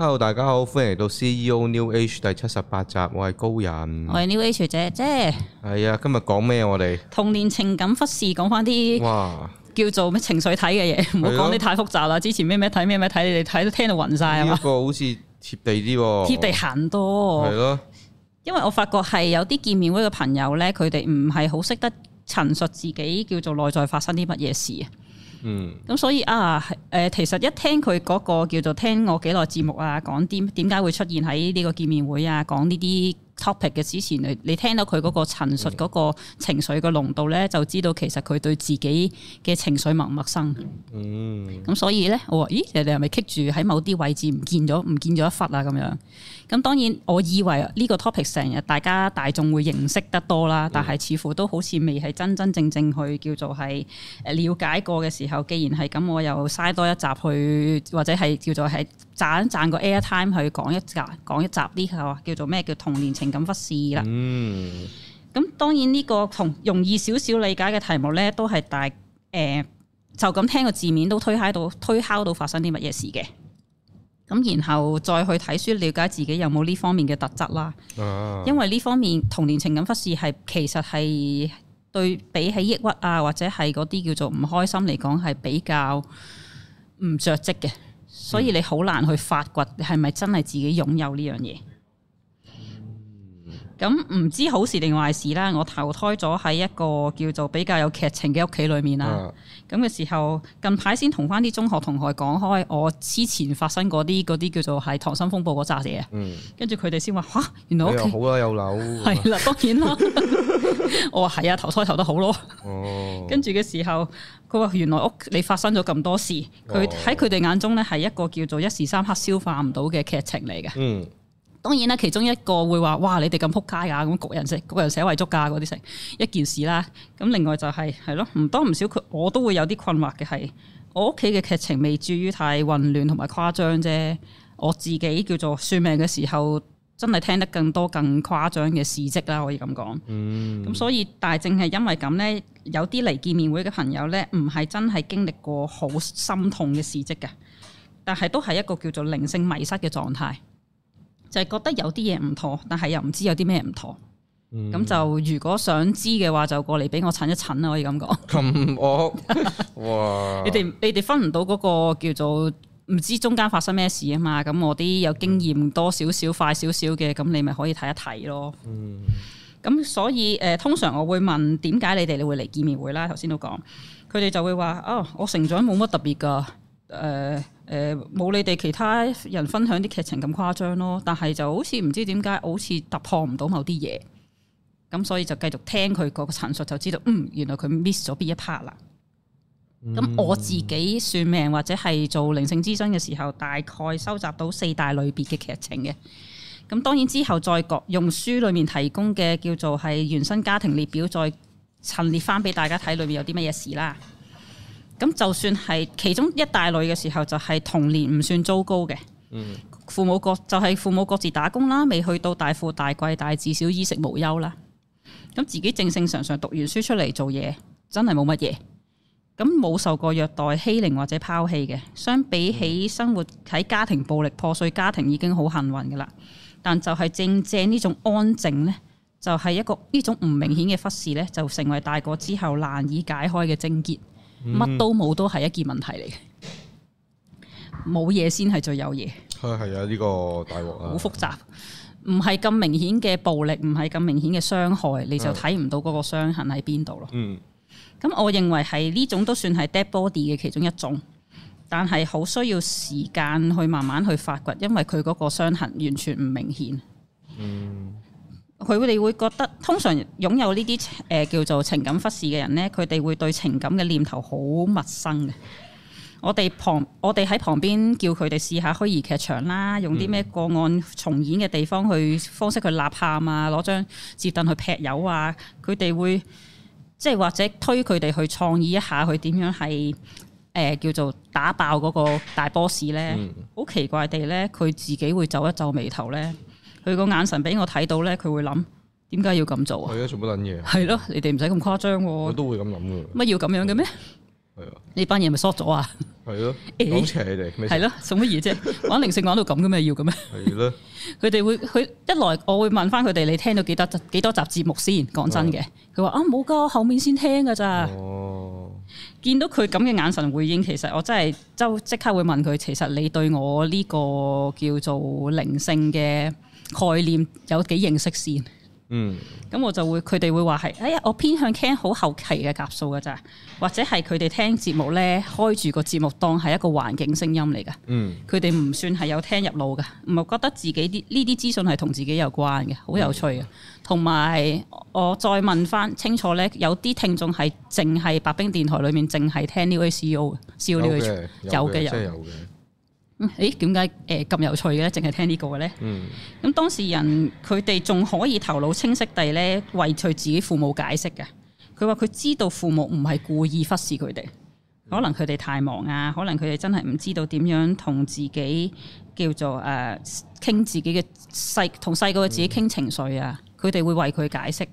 Hello 大家好，歡迎嚟到 CEO New Age 第七十八集，我係高人，我係 New Age 姐姐，係、哎、啊，今日講咩，我哋童年情感忽視，講翻啲，哇，叫做咩情緒體嘅嘢，唔好講啲太複雜啦，之前咩咩睇咩咩睇，你哋睇都聽到暈晒係嘛？不過好似貼地啲喎，貼地行多，係咯的，因為我發覺係有啲見面會嘅朋友咧，佢哋唔係好識得陳述自己叫做內在發生啲乜嘢事啊。嗯，咁所以啊，誒，其實一聽佢嗰個叫做聽我幾耐節目啊，講點點解會出現喺呢個見面會啊，講呢啲 topic 嘅，之前，你你聽到佢嗰個陳述嗰個情緒嘅濃度咧，就知道其實佢對自己嘅情緒陌生。嗯，咁、嗯、所以咧，我話咦，人哋係咪棘住喺某啲位置唔見咗，唔見咗一忽啊，咁樣。咁當然，我以為呢個 topic 成日大家大眾會認識得多啦，但係似乎都好似未係真真正正去叫做係了解過嘅時候。既然係咁，我又嘥多一集去，或者係叫做係賺一賺個 air time 去講一集，講一集呢個叫做咩叫童年情感忽視啦。嗯。咁當然呢個同容易少少理解嘅題目咧，都係大誒就咁聽個字面都推喺推敲到發生啲乜嘢事嘅。咁然後再去睇書，了解自己有冇呢方面嘅特質啦。啊、因為呢方面童年情感忽視係其實係對比起抑鬱啊，或者係嗰啲叫做唔開心嚟講係比較唔着跡嘅，嗯、所以你好難去發掘係咪真係自己擁有呢樣嘢。咁唔知好事定壞事啦，我投胎咗喺一個叫做比較有劇情嘅屋企裏面啦。咁嘅時候，近排先同翻啲中學同學講開，我之前發生嗰啲嗰啲叫做係溏心風暴嗰扎嘢。嗯，跟住佢哋先話吓，原來屋企好啦，有樓係啦，當然啦。 我話係啊，投胎投得好咯。哦，跟住嘅時候，佢話原來屋你發生咗咁多事，佢喺佢哋眼中咧，係一個叫做一時三刻消化唔到嘅劇情嚟嘅。嗯當然啦，其中一個會話，哇！你哋咁仆街啊，咁焗人食，焗人寫遺囑架，嗰啲食，一件事啦。咁另外就係、是，係咯，唔多唔少，佢我都會有啲困惑嘅係，我屋企嘅劇情未至於太混亂同埋誇張啫。我自己叫做算命嘅時候，真係聽得更多更誇張嘅事蹟啦，可以咁講。咁、嗯、所以，但係正係因為咁咧，有啲嚟見面會嘅朋友咧，唔係真係經歷過好心痛嘅事蹟嘅，但係都係一個叫做靈性迷失嘅狀態。就係覺得有啲嘢唔妥，但係又唔知有啲咩唔妥。咁、嗯、就如果想知嘅話，就過嚟俾我診一診啦。可以咁講。咁我哇！ 你哋你哋分唔到嗰個叫做唔知中間發生咩事啊嘛？咁我啲有經驗多少少、嗯、快少少嘅，咁你咪可以睇一睇咯。嗯。咁所以誒、呃，通常我會問點解你哋你會嚟見面會啦？頭先都講，佢哋就會話：哦，我成長冇乜特別噶。誒誒，冇、呃呃、你哋其他人分享啲劇情咁誇張咯，但係就好似唔知點解，好似突破唔到某啲嘢，咁所以就繼續聽佢個陳述，就知道嗯，原來佢 miss 咗邊一 part 啦。咁、嗯、我自己算命或者係做靈性諮詢嘅時候，大概收集到四大類別嘅劇情嘅。咁當然之後再講用書裏面提供嘅叫做係原生家庭列表，再陳列翻俾大家睇，裏面有啲乜嘢事啦。咁就算係其中一大類嘅時候，就係童年唔算糟糕嘅。父母各就係、是、父母各自打工啦，未去到大富大貴，但至少衣食無憂啦。咁自己正正常常讀完書出嚟做嘢，真係冇乜嘢。咁冇受過虐待欺凌或者拋棄嘅，相比起生活喺家庭暴力破碎家庭已經好幸運噶啦。但就係正正呢種安靜咧，就係、是、一個呢種唔明顯嘅忽視咧，就成為大個之後難以解開嘅症結。嗯，乜都冇都係一件問題嚟嘅，冇嘢先係最有嘢。係啊，呢個大鑊啊，好複雜，唔係咁明顯嘅暴力，唔係咁明顯嘅傷害，你就睇唔到嗰個傷痕喺邊度咯。嗯，咁我認為係呢種都算係 dead body 嘅其中一種，但係好需要時間去慢慢去發掘，因為佢嗰個傷痕完全唔明顯。嗯。佢哋會覺得，通常擁有呢啲誒叫做情感忽視嘅人咧，佢哋會對情感嘅念頭好陌生嘅。我哋旁，我哋喺旁邊叫佢哋試下虛擬劇場啦，用啲咩個案重演嘅地方去方式去立喊啊，攞張摺凳去劈友啊。佢哋會即係或者推佢哋去創意一下，佢點樣係誒叫做打爆嗰個大 boss 咧？好、嗯、奇怪地咧，佢自己會皺一皺眉頭咧。佢個眼神俾我睇到咧，佢會諗點解要咁做啊？係啊，做乜捻嘢？係咯、嗯，你哋唔使咁誇張喎。我都會咁諗嘅。乜要咁樣嘅咩？係啊！呢班嘢咪縮咗啊？係咯，好邪你哋，係咯，送乜嘢啫？玩靈性玩到咁嘅咩？要嘅咩？係咯的。佢哋 會佢一來，我會問翻佢哋：你聽到幾多幾多集節目先？講真嘅，佢話的啊冇噶，我後面先聽噶咋。哦。見到佢咁嘅眼神回應，其實我真係即即刻會問佢：其實你對我呢個叫做靈性嘅？概念有幾認識先？嗯，咁我就會佢哋會話係，哎呀，我偏向聽好後期嘅夾數㗎咋，或者係佢哋聽節目咧，開住個節目當係一個環境聲音嚟噶。嗯，佢哋唔算係有聽入腦㗎，唔係覺得自己啲呢啲資訊係同自己有關嘅，好有趣啊！同埋、嗯、我再問翻清楚咧，有啲聽眾係淨係白兵電台裡面淨係聽 CEO，CEO 有嘅有。誒點解誒咁有趣嘅咧？淨係聽個呢個嘅咧？咁、嗯、當事人佢哋仲可以頭腦清晰地咧為佢自己父母解釋嘅。佢話佢知道父母唔係故意忽視佢哋，可能佢哋太忙啊，可能佢哋真係唔知道點樣同自己叫做誒傾、啊、自己嘅細同細個嘅自己傾情緒啊。佢哋、嗯、會為佢解釋。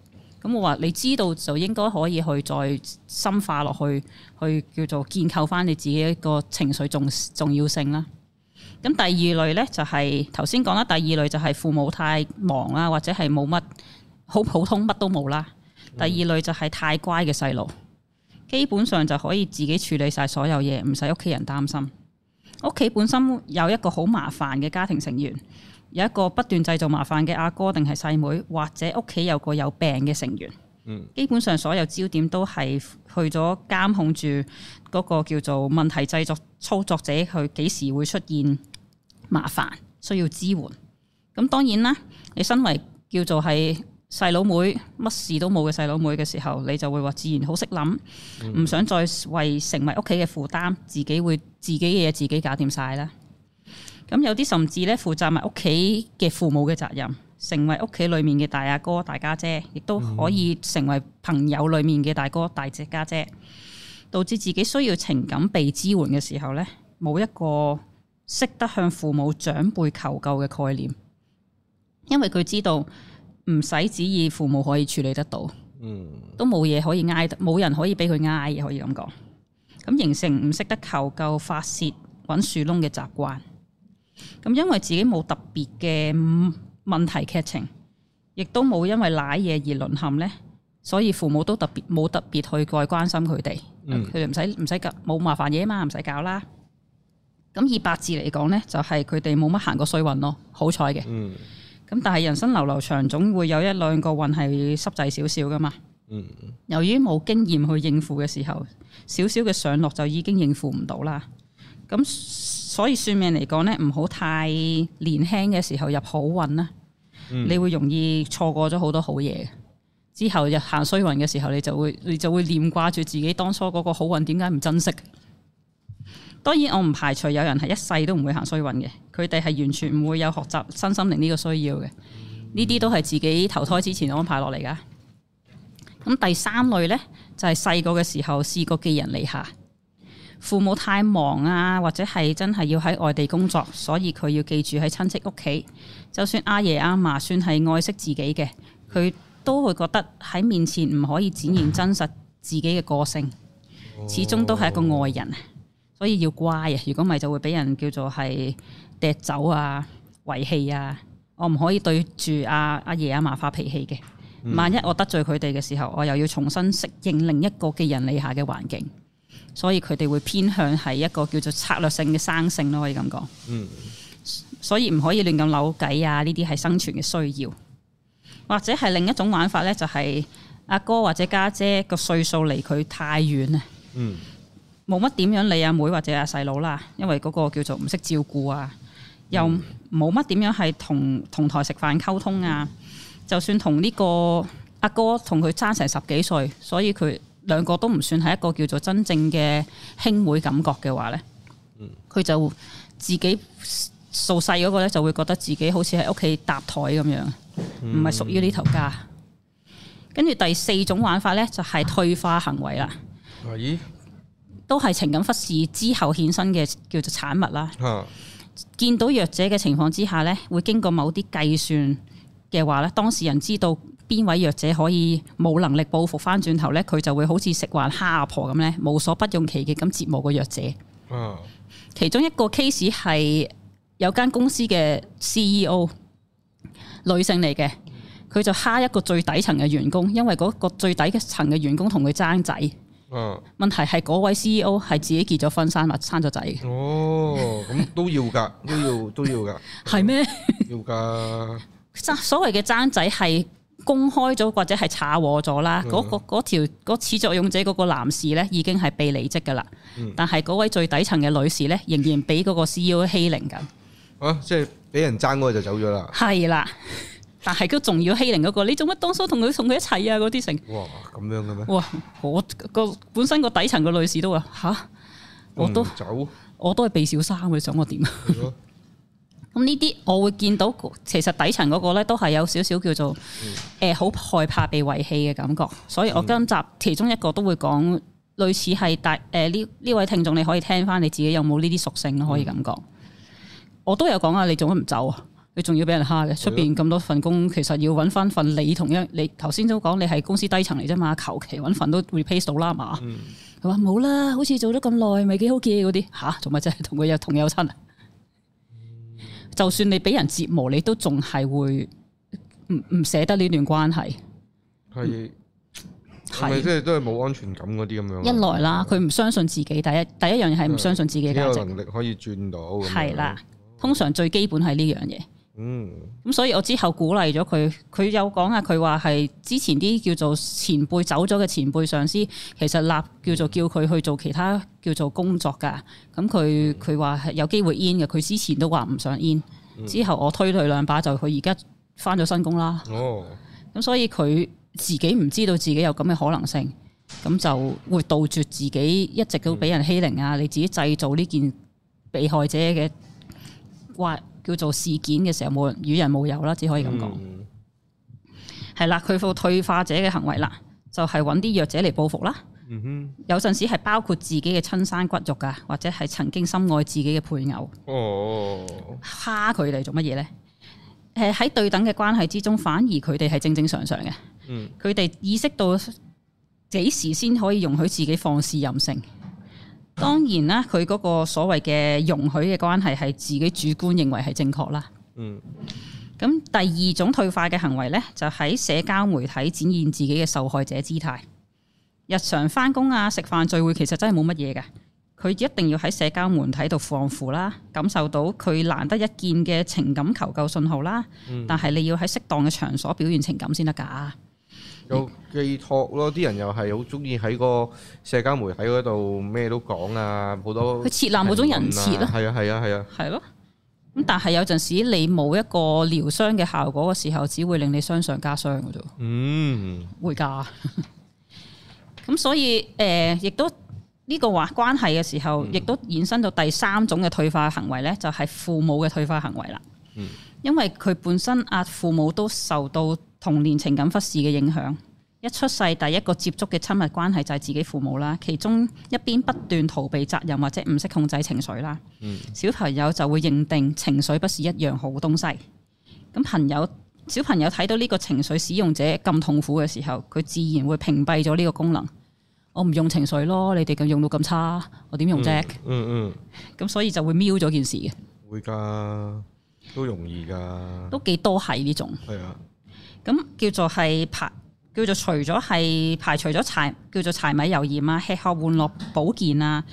咁我話你知道就應該可以去再深化落去，去叫做建構翻你自己一個情緒重重要性啦。咁第二類咧就係頭先講啦，第二類就係父母太忙啦，或者係冇乜好普通乜都冇啦。第二類就係太乖嘅細路，基本上就可以自己處理晒所有嘢，唔使屋企人擔心。屋企本身有一個好麻煩嘅家庭成員，有一個不斷製造麻煩嘅阿哥定係細妹，或者屋企有個有病嘅成員。基本上所有焦點都係去咗監控住嗰個叫做問題製作操作者，佢幾時會出現。麻煩需要支援，咁當然啦。你身為叫做係細佬妹，乜事都冇嘅細佬妹嘅時候，你就會話自然好識諗，唔、嗯、想再為成為屋企嘅負擔，自己會自己嘅嘢自己搞掂晒啦。咁有啲甚至咧，負責埋屋企嘅父母嘅責任，成為屋企裏面嘅大阿哥、大家姐、姐，亦都可以成為朋友裏面嘅大哥、大姐家姐，嗯、導致自己需要情感被支援嘅時候咧，冇一個識得向父母長輩求救嘅概念，因為佢知道唔使指意父母可以處理得到，嗯，都冇嘢可以嗌得，冇人可以俾佢嗌嘅，可以咁講。咁形成唔識得求救發洩、搵樹窿嘅習慣。咁因為自己冇特別嘅問題劇情，亦都冇因為瀨嘢而淪陷咧，所以父母都特別冇特別去再關心佢哋，嗯，佢哋唔使唔使搞，冇麻煩嘢啊嘛，唔使搞啦。咁以八字嚟講咧，就係佢哋冇乜行過衰運咯，好彩嘅。咁、嗯、但係人生流流長，總會有一兩個運係濕滯少少噶嘛。嗯、由於冇經驗去應付嘅時候，少少嘅上落就已經應付唔到啦。咁所以算命嚟講咧，唔好太年輕嘅時候入好運啦，你會容易錯過咗好多好嘢。嗯、之後入行衰運嘅時候，你就會你就會念掛住自己當初嗰個好運，點解唔珍惜？當然，我唔排除有人係一世都唔會行衰運嘅，佢哋係完全唔會有學習身心靈呢個需要嘅。呢啲都係自己投胎之前安排落嚟噶。咁第三類呢，就係細個嘅時候試過寄人籬下，父母太忙啊，或者係真係要喺外地工作，所以佢要寄住喺親戚屋企。就算阿爺阿嫲算係愛惜自己嘅，佢都會覺得喺面前唔可以展現真實自己嘅個性，始終都係一個外人。所以要乖啊！如果唔係，就會俾人叫做係踢走啊、遺棄啊。我唔可以對住阿阿爺阿嫲發脾氣嘅。萬一我得罪佢哋嘅時候，我又要重新適應另一個嘅人理下嘅環境。所以佢哋會偏向係一個叫做策略性嘅生性咯，可以咁講。嗯。所以唔可以亂咁扭計啊！呢啲係生存嘅需要，或者係另一種玩法咧，就係阿哥或者家姐個歲數離佢太遠啊。嗯。冇乜點樣理阿妹或者阿細佬啦，因為嗰個叫做唔識照顧啊，又冇乜點樣係同同台食飯溝通啊，就算同呢、這個阿哥同佢爭成十幾歲，所以佢兩個都唔算係一個叫做真正嘅兄妹感覺嘅話呢。佢、嗯、就自己數細嗰個呢，就會覺得自己好似喺屋企搭台咁樣，唔係屬於呢頭家。跟住、嗯、第四種玩法呢，就係退化行為啦。啊都係情感忽視之後衍生嘅叫做產物啦。啊、見到弱者嘅情況之下呢，會經過某啲計算嘅話呢，當事人知道邊位弱者可以冇能力報復翻轉頭呢，佢就會好似食環蝦阿婆咁呢，無所不用其極咁折磨個弱者。啊、其中一個 case 係有間公司嘅 CEO 女性嚟嘅，佢就蝦一個最底層嘅員工，因為嗰個最底層嘅員工同佢爭仔。嗯，問題係嗰位 CEO 係自己結咗婚生或生咗仔哦，咁都要噶，都要都要噶。係咩 嗎？要噶的爭所謂嘅爭仔係公開咗或者係炒和咗啦。嗰、嗯那個條、那個、始作俑者嗰個男士咧已經係被離職噶啦。嗯、但係嗰位最底層嘅女士咧仍然俾嗰個 CEO 欺凌緊。啊，即係俾人爭嗰個就走咗啦。係啦。但係佢仲要欺凌嗰、嗰個，你做乜當初同佢同佢一齊啊？嗰啲成哇咁樣嘅咩？哇！我個本身個底層個女士都話吓，我都、嗯、走，我都係被小三你想我點啊？咁呢啲我會見到，其實底層嗰個咧都係有少少叫做誒，好、嗯呃、害怕被遺棄嘅感覺。所以我今集其中一個都會講，類似係大誒呢呢位聽眾，你可以聽翻你自己有冇呢啲屬性可以咁講，嗯、我都有講啊，你做乜唔走啊？你仲要俾人蝦嘅，出邊咁多份工，其實要揾翻份你同樣你頭先都講，你係公司低層嚟啫嘛，求其揾份都 replace 到啦嘛。佢話冇啦，好似做咗咁耐，未幾好嘅嗰啲嚇，做咪真係同佢有同又親、啊。嗯、就算你俾人折磨，你都仲係會唔唔捨得呢段關係。係係即係都係冇安全感嗰啲咁樣。一來啦，佢唔相信自己，第一第一樣嘢係唔相信自己嘅能力可以轉到。係啦，通常最基本係呢樣嘢。嗯，咁所以我之後鼓勵咗佢，佢有講啊，佢話係之前啲叫做前輩走咗嘅前輩上司，其實立叫做叫佢去做其他叫做工作噶，咁佢佢話係有機會 in 嘅，佢之前都話唔想 in，、嗯、之後我推佢兩把就佢而家返咗新工啦。哦，咁所以佢自己唔知道自己有咁嘅可能性，咁就會杜絕自己一直都俾人欺凌啊，嗯、你自己製造呢件被害者嘅話，叫做事件嘅時候冇人與人冇有啦，只可以咁講。係啦、嗯，佢副退化者嘅行為啦，就係揾啲弱者嚟報復啦。嗯、哼有陣時係包括自己嘅親生骨肉噶，或者係曾經深愛自己嘅配偶。哦，蝦佢哋做乜嘢咧？誒，喺對等嘅關係之中，反而佢哋係正正常常嘅。佢哋、嗯、意識到幾時先可以容許自己放肆任性。當然啦，佢嗰個所謂嘅容許嘅關係係自己主觀認為係正確啦。嗯。咁第二種退化嘅行為咧，就喺社交媒體展現自己嘅受害者姿態。日常翻工啊、食飯聚會，其實真係冇乜嘢嘅。佢一定要喺社交媒體度放負啦，感受到佢難得一見嘅情感求救信號啦。嗯。但係你要喺適當嘅場所表現情感先得㗎。有寄託咯，啲人又係好中意喺個社交媒體嗰度咩都講啊，好多佢、啊、設立嗰種人設咯，係啊，係啊，係啊，係咯、啊。咁、啊、但係有陣時你冇一個療傷嘅效果嘅時候，只會令你傷上加傷嘅啫。嗯，會加假。咁 所以誒、呃，亦都呢、呢個話關係嘅時候，亦、嗯、都衍生到第三種嘅退化行為咧，就係、是、父母嘅退化行為啦。嗯、因為佢本身阿父母都受到。童年情感忽視嘅影響，一出世第一個接觸嘅親密關係就係自己父母啦。其中一邊不斷逃避責任或者唔識控制情緒啦，小朋友就會認定情緒不是一樣好東西。咁朋友小朋友睇到呢個情緒使用者咁痛苦嘅時候，佢自然會屏蔽咗呢個功能。我唔用情緒咯，你哋咁用到咁差，我點用啫？嗯，嗯嗯。咁所以就會瞄咗件事嘅，會㗎，都容易㗎，都幾多係呢種。係啊。咁叫做係排，叫做除咗係排除咗柴，叫做柴米油鹽啊，吃喝玩樂保健啊，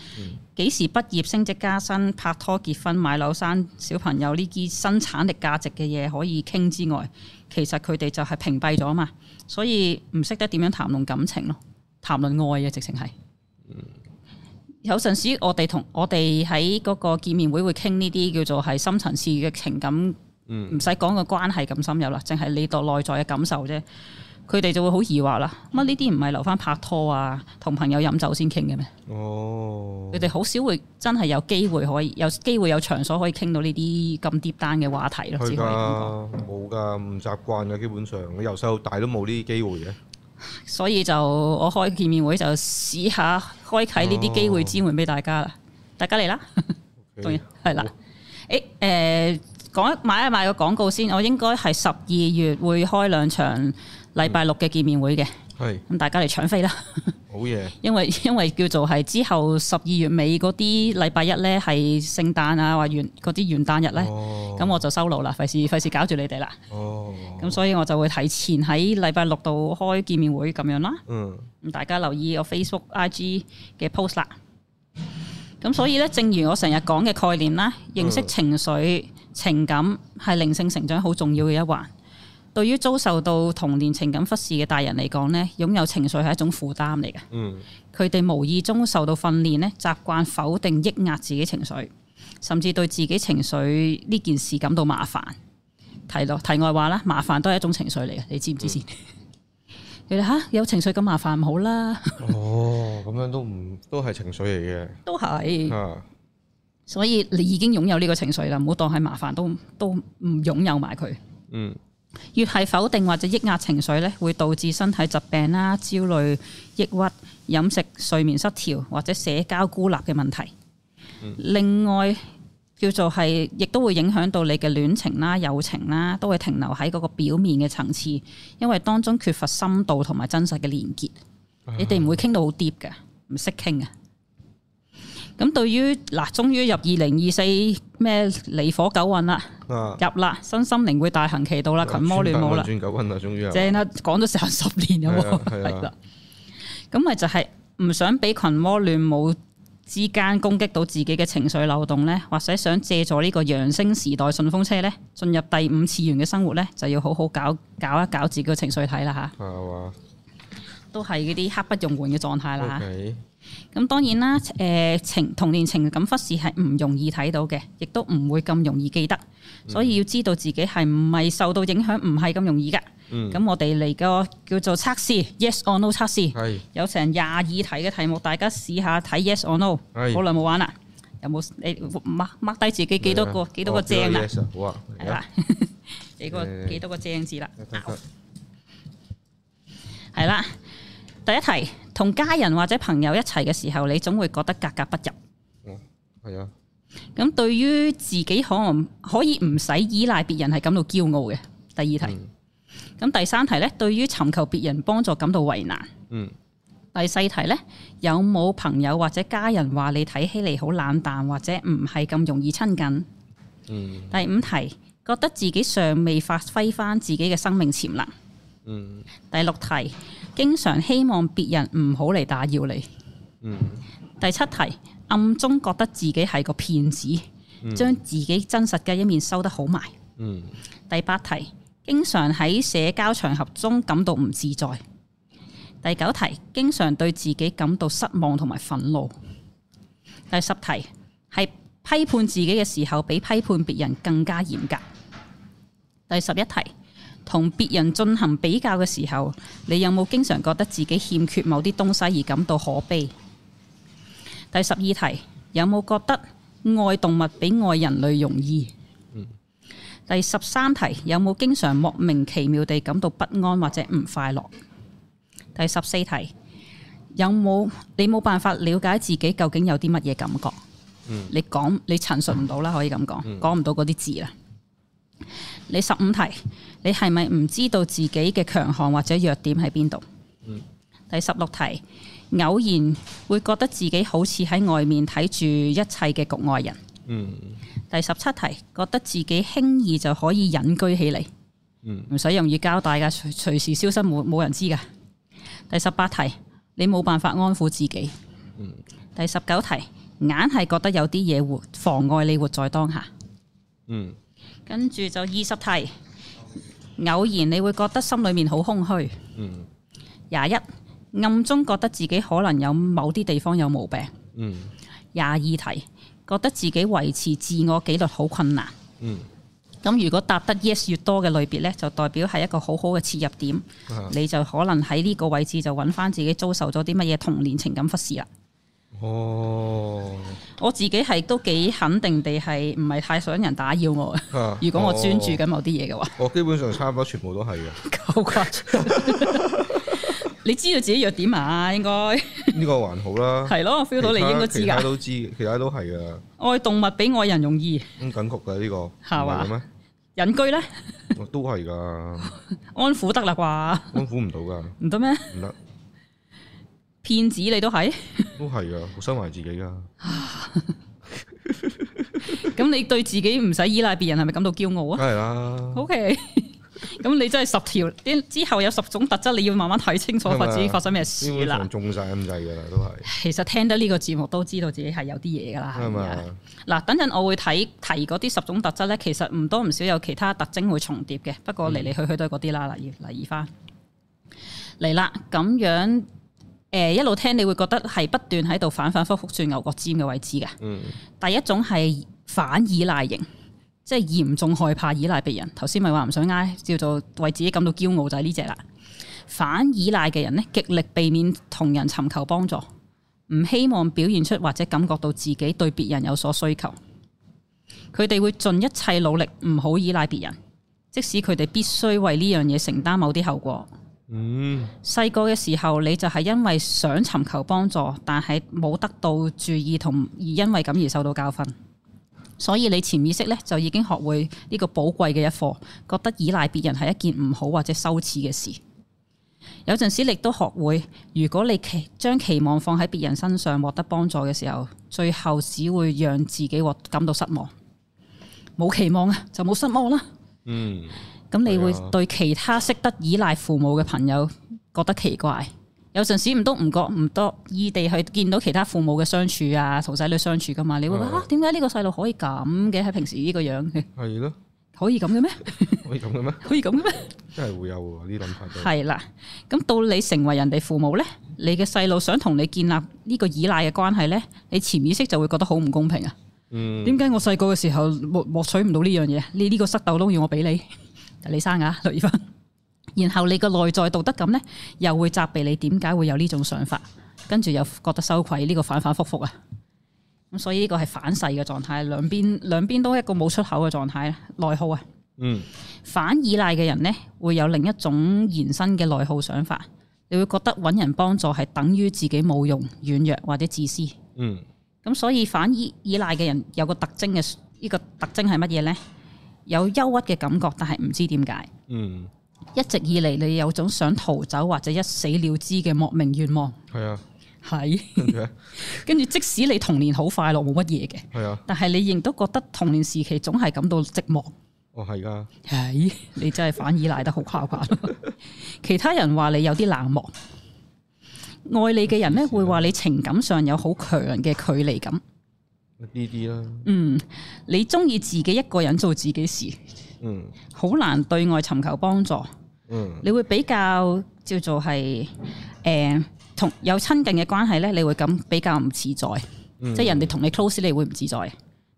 幾、嗯、時畢業升職加薪、拍拖結婚、買樓生小朋友呢啲生產力價值嘅嘢可以傾之外，其實佢哋就係屏蔽咗嘛，所以唔識得點樣談論感情咯，談論愛啊，直情係。嗯、有陣時我哋同我哋喺嗰個見面會會傾呢啲叫做係深層次嘅情感。唔使講個關係咁深入啦，淨係你度內在嘅感受啫。佢哋就會好疑惑啦。乜呢啲唔係留翻拍拖啊，同朋友飲酒先傾嘅咩？哦，佢哋好少會真係有機會可以有機會有場所可以傾到呢啲咁 deep down 嘅話題咯。冇噶的，唔習慣嘅。基本上，我由細到大都冇呢啲機會嘅。所以就我開見面會就試下開啟呢啲機會之門俾大家啦。大家嚟啦，同意係啦。誒誒好。欸呃呃講買一買個廣告先，我應該係十二月會開兩場禮拜六嘅見面會嘅，係咁、嗯、大家嚟搶飛啦。好嘢害，因為因為叫做係之後十二月尾嗰啲禮拜一咧係聖誕啊，或元嗰啲元旦日咧，咁、哦、我就收攞收爐啦，費事費事搞住你哋啦。哦，咁所以我就會提前喺禮拜六度開見面會咁樣啦。嗯，咁大家留意我 Facebook、IG 嘅 post 啦。咁所以咧，正如我成日講嘅概念啦，認識情緒、嗯。情感係靈性成長好重要嘅一環。對於遭受到童年情感忽視嘅大人嚟講咧，擁有情緒係一種負擔嚟嘅。佢哋無意中受到訓練咧，習慣否定、抑壓自己情緒，甚至對自己情緒呢件事感到麻煩提到。題外題外話啦，麻煩都係一種情緒嚟嘅，你知唔知先？嗯、你嚇有情緒咁麻煩唔好啦。哦，咁樣都唔都係情緒嚟嘅是。都係。所以你已經擁有呢個情緒啦，唔好當係麻煩，都都唔擁有埋佢。嗯。越係否定或者抑壓情緒咧，會導致身體疾病啦、焦慮、抑鬱、飲食睡眠失調或者社交孤立嘅問題。嗯。另外叫做係，亦都會影響到你嘅戀情啦、友情啦，都會停留喺嗰個表面嘅層次，因為當中缺乏深度同埋真實嘅連結。嗯。你哋唔會傾到好 deep 嘅，唔識傾啊！咁對於嗱、啊，終於入二零二四咩離火九運啦，啊、入啦，新心靈會大行其道啦，群、啊、魔亂舞啦，轉九運啦，終於正啦、啊，講咗成十年啦，係啦、啊，咁咪就係唔想俾群魔亂舞之間攻擊到自己嘅情緒漏洞咧，或者想借助呢個揚升時代順風車咧，進入第五次元嘅生活咧，就要好好搞搞一搞自己嘅情緒體啦吓。啊啊都係嗰啲刻不容緩嘅狀態啦。咁、okay。當然啦，誒情童年情感忽視係唔容易睇到嘅，亦都唔會咁容易記得。所以要知道自己係唔係受到影響，唔係咁容易㗎。咁、嗯、我哋嚟個叫做測試，yes or no 測試，有成廿二題嘅題目，大家試下睇 yes or no。好耐冇玩啦，有冇你掹掹低自己幾多個幾多個正啦、啊？係啦，幾個幾多個正字啦？係啦。第一題，同家人或者朋友一齊嘅時候，你總會覺得格格不入。嗯、哦，係啊。咁對於自己可唔可以唔使依賴別人，係感到驕傲嘅。第二題。咁、嗯、第三題咧，對於尋求別人幫助感到為難。嗯。第四題咧，有冇朋友或者家人話你睇起嚟好冷淡，或者唔係咁容易親近？嗯。第五題，覺得自己尚未發揮翻自己嘅生命潛能。嗯。第六題。經常希望別人唔好嚟打擾你。嗯。第七題，暗中覺得自己係個騙子，將、嗯、自己真實嘅一面收得好埋。嗯。第八題，經常喺社交場合中感到唔自在。第九題，經常對自己感到失望同埋憤怒。第十題，喺批判自己嘅時候比批判別人更加嚴格。第十一題。同別人進行比較嘅時候，你有冇經常覺得自己欠缺某啲東西而感到可悲？第十二題，有冇覺得愛動物比愛人類容易？嗯。第十三題，有冇經常莫名其妙地感到不安或者唔快樂？第十四題，有冇你冇辦法了解自己究竟有啲乜嘢感覺？嗯。你講你陳述唔到啦，可以咁講，講唔到嗰啲字啦。你十五題，你係咪唔知道自己嘅強項或者弱點喺邊度？嗯。第十六題，偶然會覺得自己好似喺外面睇住一切嘅局外人。嗯。第十七題，覺得自己輕易就可以隱居起嚟。唔使、嗯、容易交代噶，隨隨時消失，冇冇人知噶。第十八題，你冇辦法安撫自己。嗯。第十九題，硬係覺得有啲嘢會妨礙你活在當下。嗯跟住就二十題，偶然你會覺得心裏面好空虛。廿一、嗯、暗中覺得自己可能有某啲地方有毛病。廿二、嗯、題覺得自己維持自我紀律好困難。咁、嗯、如果答得 yes 越多嘅類別呢，就代表係一個好好嘅切入點。嗯、你就可能喺呢個位置就揾翻自己遭受咗啲乜嘢童年情感忽視啦。哦，我自己係都幾肯定地係，唔係太想人打擾我。如果我專注緊某啲嘢嘅話，我基本上差唔多全部都係嘅。好誇張，你知道自己弱點啊？應該呢個還好啦。係咯，我 feel 到你應該知噶。其他都知，其他都係噶。愛動物比愛人容易。咁準確嘅呢個係嘛？隱居咧，都係噶。安撫得啦啩？安撫唔到噶，唔得咩？唔得。騙子你都係，都係啊，好收埋自己噶。咁你對自己唔使依賴別人，係咪感到驕傲啊？梗係啦。O K，咁你真係十條，之後有十種特質，你要慢慢睇清楚，發生發生咩事啦。係咪？中晒咁滯噶啦，都係。其實聽得呢個節目都知道自己係有啲嘢噶啦。係咪？嗱，等陣我會睇提嗰啲十種特質咧，其實唔多唔少有其他特徵會重疊嘅，不過嚟嚟去去去都係嗰啲啦。嗱，嚟嚟翻嚟啦，咁樣。誒，一路聽你會覺得係不斷喺度反反复覆轉牛角尖嘅位置嘅。第一種係反依賴型，即係嚴重害怕依賴別人。頭先咪話唔想挨，叫做為自己感到驕傲就係呢隻啦。反依賴嘅人呢，極力避免同人尋求幫助，唔希望表現出或者感覺到自己對別人有所需求。佢哋會盡一切努力唔好依賴別人，即使佢哋必須為呢樣嘢承擔某啲後果。嗯，細個嘅時候你就係因為想尋求幫助，但係冇得到注意同而因為咁而受到教訓，所以你潛意識咧就已經學會呢個寶貴嘅一課，覺得依賴別人係一件唔好或者羞恥嘅事。有陣時亦都學會，如果你期將期望放喺別人身上獲得幫助嘅時候，最後只會讓自己獲感到失望。冇期望啊，就冇失望啦。嗯。咁你會對其他識得依賴父母嘅朋友覺得奇怪，有陣時唔都唔覺唔多意地去見到其他父母嘅相處啊，同仔女相處噶嘛，你會話啊，點解呢個細路可以咁嘅喺平時呢個樣嘅？係咯的，可以咁嘅咩？可以咁嘅咩？ 可以咁嘅咩？真係會有呢啲諗法。係啦，咁到你成為人哋父母咧，你嘅細路想同你建立呢個依賴嘅關係咧，你潛意識就會覺得好唔公平啊！嗯，點解我細個嘅時候獲獲取唔到呢樣嘢？你呢個塞豆窿要我俾你？你生啊，雷生， 然後你個內在道德感咧，又會責備你點解會有呢種想法，跟住又覺得羞愧，呢、這個反反复复啊，咁所以呢個係反噬嘅狀態，兩邊兩邊都一個冇出口嘅狀態，內耗啊，嗯，反依賴嘅人咧會有另一種延伸嘅內耗想法，你會覺得揾人幫助係等於自己冇用、軟弱或者自私，嗯，咁、嗯、所以反依依賴嘅人有個特徵嘅，呢個特徵係乜嘢咧？有憂鬱嘅感覺，但係唔知點解。嗯，一直以嚟你有種想逃走或者一死了之嘅莫名願望。係啊、嗯，係是。跟住即使你童年好快樂，冇乜嘢嘅，係啊、嗯，但係你仍都覺得童年時期總係感到寂寞。哦，係噶，係，你真係反而賴得好誇張。 其他人話你有啲冷漠，愛你嘅人咧會話你情感上有好強嘅距離感。呢啲啦，嗯，你中意自己一個人做自己事，嗯，好難對外尋求幫助，嗯，你會比較叫做係誒、呃、同有親近嘅關係咧，你會咁比較唔自在，嗯、即係人哋同你 close，你會唔自在，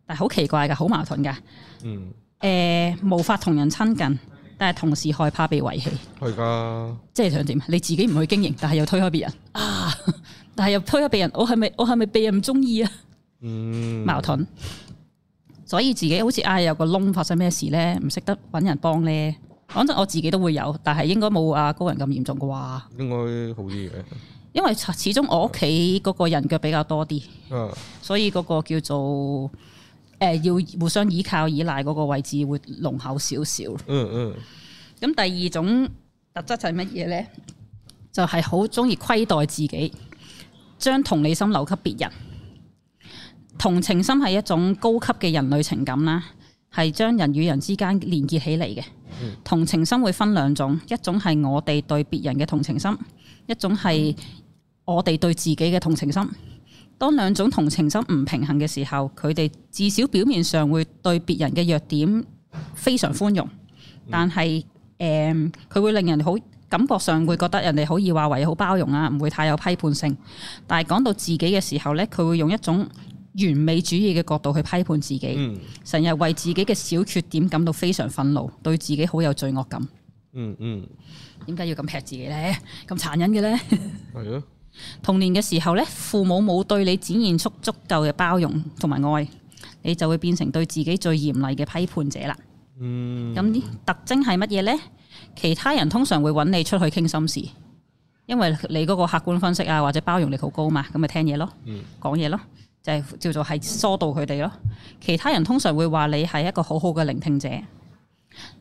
但係好奇怪嘅，好矛盾嘅，嗯，誒、呃，無法同人親近，但係同時害怕被遺棄，係噶的，即係想點？你自己唔去經營，但係又推開別人啊，但係又推開別人，我係咪我係咪俾人唔中意啊？嗯、矛盾，所以自己好似唉有個窿，發生咩事咧，唔識得搵人幫咧。講真，我自己都會有，但係應該冇阿高人咁嚴重嘅話。應該好啲嘅，因為始終我屋企嗰個人腳比較多啲，啊、所以嗰個叫做誒要、呃、互相依靠依賴嗰個位置會濃厚少少。嗯嗯。咁第二種特質係乜嘢咧？就係好中意虧待自己，將同理心留給別人。同情心係一種高級嘅人類情感啦，係將人與人之間連結起嚟嘅。同情心會分兩種，一種係我哋對別人嘅同情心，一種係我哋對自己嘅同情心。當兩種同情心唔平衡嘅時候，佢哋至少表面上會對別人嘅弱點非常寬容，但係誒，佢、嗯、會令人好感覺上會覺得人哋好易話為好包容啊，唔會太有批判性。但係講到自己嘅時候呢，佢會用一種完美主義嘅角度去批判自己，成日、嗯、為自己嘅小缺點感到非常憤怒，對自己好有罪惡感。嗯嗯，點、嗯、解要咁劈自己咧？咁殘忍嘅咧？係 啊的，童年嘅時候咧，父母冇對你展現出足，足夠嘅包容同埋愛，你就會變成對自己最嚴厲嘅批判者啦。嗯，咁特徵係乜嘢咧？其他人通常會揾你出去傾心事，因為你嗰個客觀分析啊，或者包容力好高嘛，咁咪聽嘢咯，講嘢咯。就係叫做係疏導佢哋咯。其他人通常會話你係一個好好嘅聆聽者，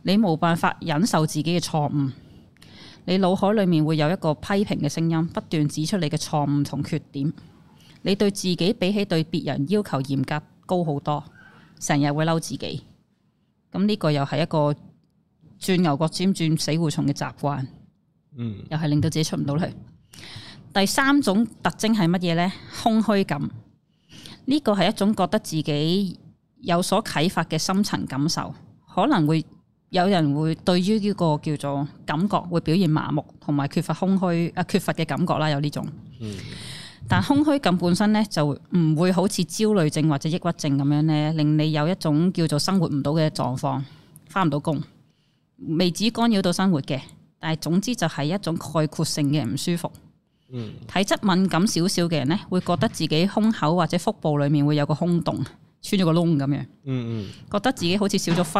你冇辦法忍受自己嘅錯誤，你腦海裏面會有一個批評嘅聲音，不斷指出你嘅錯誤同缺點。你對自己比起對別人要求嚴格高好多，成日會嬲自己。咁呢個又係一個鑽牛角尖、鑽死胡同嘅習慣。又係令到自己出唔到去。第三種特徵係乜嘢呢？空虛感。呢個係一種覺得自己有所啟發嘅深層感受，可能會有人會對於呢個叫做感覺會表現麻木，同埋缺乏空虛啊缺乏嘅感覺啦，有呢種。但空虛感本身呢，就唔會好似焦慮症或者抑鬱症咁樣呢，令你有一種叫做生活唔到嘅狀況，返唔到工，未至於干擾到生活嘅，但係總之就係一種概括性嘅唔舒服。體質敏感少少嘅人咧，會覺得自己胸口或者腹部裏面會有個空洞，穿咗個窿咁樣。嗯嗯，覺得自己好似少咗忽，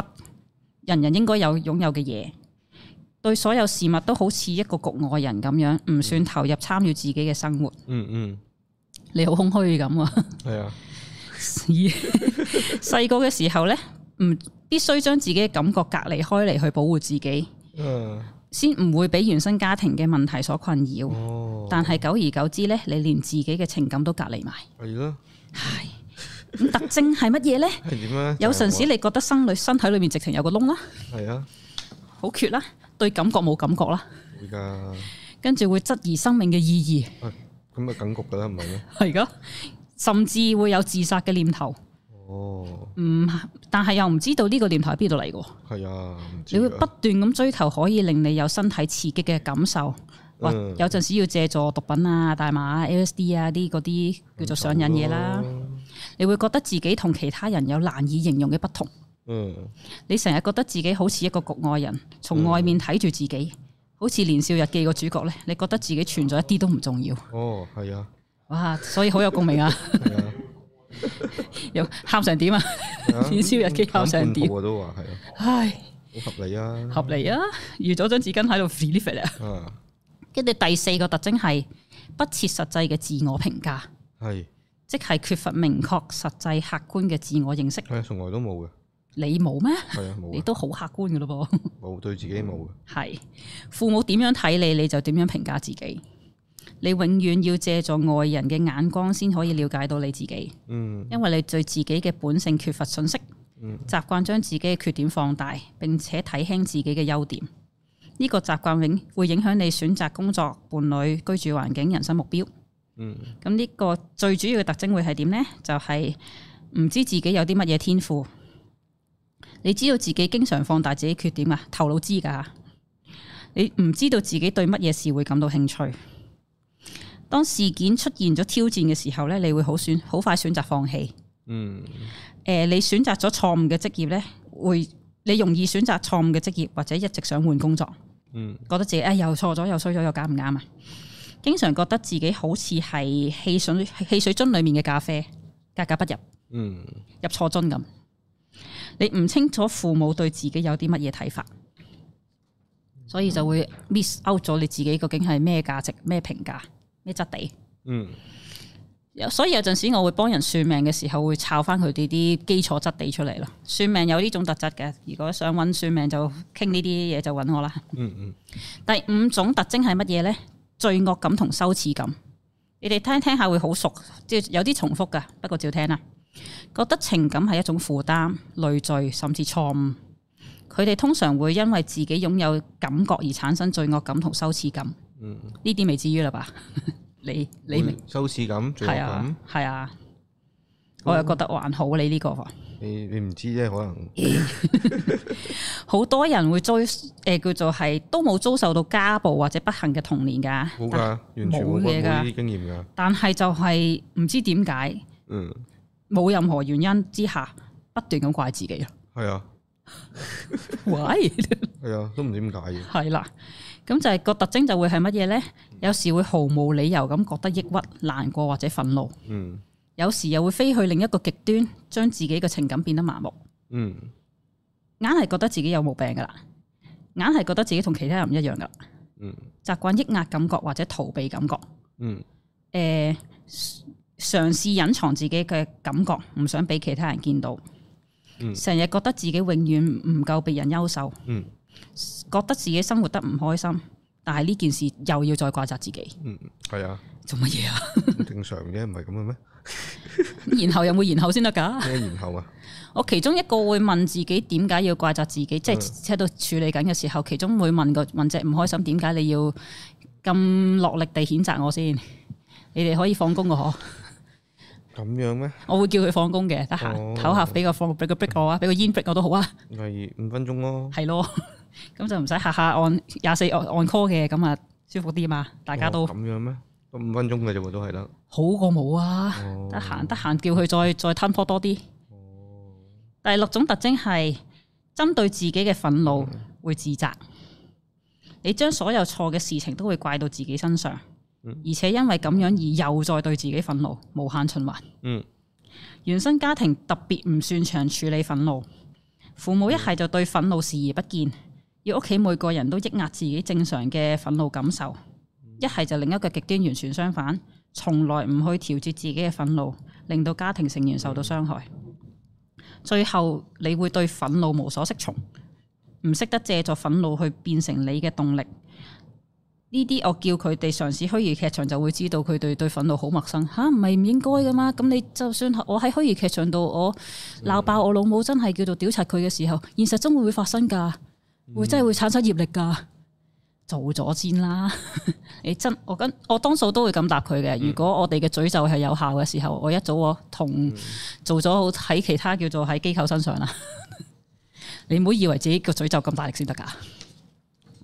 人人應該有擁有嘅嘢，對所有事物都好似一個局外人咁樣，唔算投入參與自己嘅生活。嗯嗯，你好空虛咁啊。係啊，嗯嗯，細個嘅時候咧，唔必須將自己嘅感覺隔離開嚟去保護自己。嗯。先唔會俾原生家庭嘅問題所困擾，哦、但係久而久之咧，你連自己嘅情感都隔離埋係咯。是的 唉， 特徵係乜嘢咧？呢有陣時你覺得生里身體裏面直情有個窿啦，係啊的，好缺啦，對感覺冇感覺啦，跟住的會質疑生命嘅意義，咁啊梗焗噶啦，唔係咩？係噶，甚至會有自殺嘅念頭。哦，唔，但係又唔知道呢個念頭喺邊度嚟嘅。係啊，啊你會不斷咁追求可以令你有身體刺激嘅感受，嗯、有陣時要借助毒品啊、大麻、啊、LSD 啊啲啲叫做上癮嘢啦。嗯嗯、你會覺得自己同其他人有難以形容嘅不同。嗯，你成日覺得自己好似一個局外人，從外面睇住自己，嗯、好似《年少日記》個主角咧，你覺得自己存在一啲都唔重要。哦，係啊，哇，所以好有共鳴啊。又 喊成點啊？燃燒的 日記喊上點？我都話係啊，唉，好合理啊，合理啊，預咗張紙巾喺度 p h i l 跟住第四個特徵係不切實際嘅自我評價，係的即係缺乏明確實際客觀嘅自我認識。係從來都冇嘅，你冇咩？係啊，冇。你都好客觀㗎咯噃，冇對自己冇。係 父母點樣睇你，你就點樣評價自己。你永遠要借助外人嘅眼光，先可以了解到你自己。嗯，因為你對自己嘅本性缺乏信息，習慣將自己嘅缺點放大，並且睇輕自己嘅優點。呢個習慣影會影響你選擇工作、伴侶、居住環境、人生目標。嗯，咁呢個最主要嘅特徵會係點呢？就係唔知自己有啲乜嘢天賦。你知道自己經常放大自己缺點啊，頭腦知噶，你唔知道自己對乜嘢事會感到興趣。當事件出現咗挑戰嘅時候咧，你會好選好快選擇放棄。嗯，誒、呃，你選擇咗錯誤嘅職業咧，會你容易選擇錯誤嘅職業，或者一直想換工作。嗯，覺得自己誒又錯咗，又衰咗，又啱唔啱啊？經常覺得自己好似係汽水汽水樽裏面嘅咖啡，格格不入。嗯，入錯樽咁，你唔清楚父母對自己有啲乜嘢睇法，所以就會 miss out 咗你自己究竟係咩價值，咩評價。咩質地？嗯，所以有陣時我會幫人算命嘅時候會抄翻佢哋啲基礎質地出嚟咯。算命有呢種特質嘅，如果想揾算命就傾呢啲嘢，就揾我啦。嗯。第五種特徵係乜嘢呢？罪惡感同羞恥感。你哋聽聽下會好熟，即係有啲重複噶，不過照聽啦。覺得情感係一種負擔、累贅，甚至錯誤。佢哋通常會因為自己擁有感覺而產生罪惡感同羞恥感。嗯，呢啲未至於啦吧？你你明收視咁係啊？係啊，我又覺得還好你呢個。你你唔知啫，可能好多人會遭誒、呃、叫做係都冇遭受到家暴或者不幸嘅童年噶，冇嘅，完全冇嘢嘅，冇啲經驗噶。但係就係唔知點解，嗯，冇任何原因之下，不斷咁怪自己啊。係啊，why？係啊，都唔知點解嘅。係啦、啊。咁就係、是那個特徵就會係乜嘢咧？有時會毫無理由咁覺得抑鬱、難過或者憤怒。嗯。有時又會飛去另一個極端，將自己嘅情感變得麻木。嗯。硬係覺得自己有毛病噶啦，硬係覺得自己同其他人唔一樣噶啦。嗯。習慣抑壓感覺或者逃避感覺。嗯。誒、呃，嘗試隱藏自己嘅感覺，唔想俾其他人見到。嗯。成日覺得自己永遠唔夠別人優秀。嗯。嗯。覺得自己生活得唔開心，但係呢件事又要再怪責自己。嗯，係啊，做乜嘢啊？ 正常嘅、啊，唔係咁嘅咩？ 然後有冇然後先得噶？咩然後啊？我其中一個會問自己，點解要怪責自己？嗯、即係喺度處理緊嘅時候，其中會問個問隻唔開心，點解你要咁落力地譴責我先？你哋可以放工個可？ 咁樣咩？我會叫佢放工嘅，得閒唞下，俾個、哦、放，俾個 break 我啊，俾個煙 break 我都好啊。係五分鐘咯。係咯，咁就唔使下下按廿四按按 call 嘅，咁啊舒服啲嘛，大家都。咁、哦、樣咩？都五分鐘嘅啫，都係得。好過冇啊！得閒得閒叫佢再再吞多啲。哦。哦第六種特徵係針對自己嘅憤怒會自責，嗯、你將所有錯嘅事情都會怪到自己身上。而且因為咁樣而又再對自己憤怒，無限循環。嗯、原生家庭特別唔擅長處理憤怒，父母一係就對憤怒視而不見，要屋企每個人都抑壓自己正常嘅憤怒感受；一係就另一個極端，完全相反，從來唔去調節自己嘅憤怒，令到家庭成員受到傷害。嗯、最後你會對憤怒無所適從，唔識得借助憤怒去變成你嘅動力。呢啲我叫佢哋嘗試虛擬劇場，就會知道佢哋對憤怒好陌生吓，唔係唔應該噶嘛？咁你就算我喺虛擬劇場度，我鬧爆我老母，真係叫做屌察佢嘅時候，嗯、現實中會唔會發生㗎，會真係會產生業力㗎，做咗先啦。 你真我跟我多數都會咁答佢嘅。如果我哋嘅詛咒係有效嘅時候，我一早我同、嗯、做咗喺其他叫做喺機構身上啦。 你唔好以為自己個詛咒咁大力先得㗎。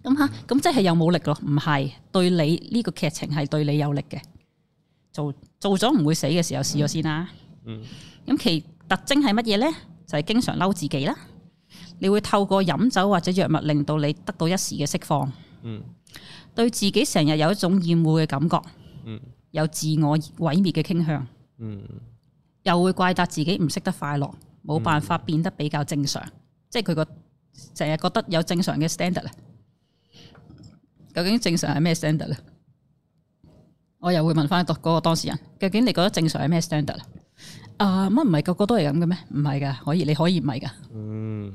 咁吓，咁即係有冇力咯？唔係，對你呢、呢個劇情係對你有力嘅。做做咗唔會死嘅時候試咗先，先啦。嗯。咁、嗯、其特徵係乜嘢咧？就係、是、經常嬲自己啦。你會透過飲酒或者藥物令到你得到一時嘅釋放。嗯。對自己成日有一種厭惡嘅感覺。嗯。有自我毀滅嘅傾向。嗯。嗯。又會怪責自己唔識得快樂，冇辦法變得比較正常。即係佢個成日覺得有正常嘅 standard 啊。究竟正常係咩 standard 咧？我又會問翻個嗰個當事人，究竟你覺得正常係咩 standard 啊，乜唔係個個都係咁嘅咩？唔係噶，可以你可以唔係噶。嗯。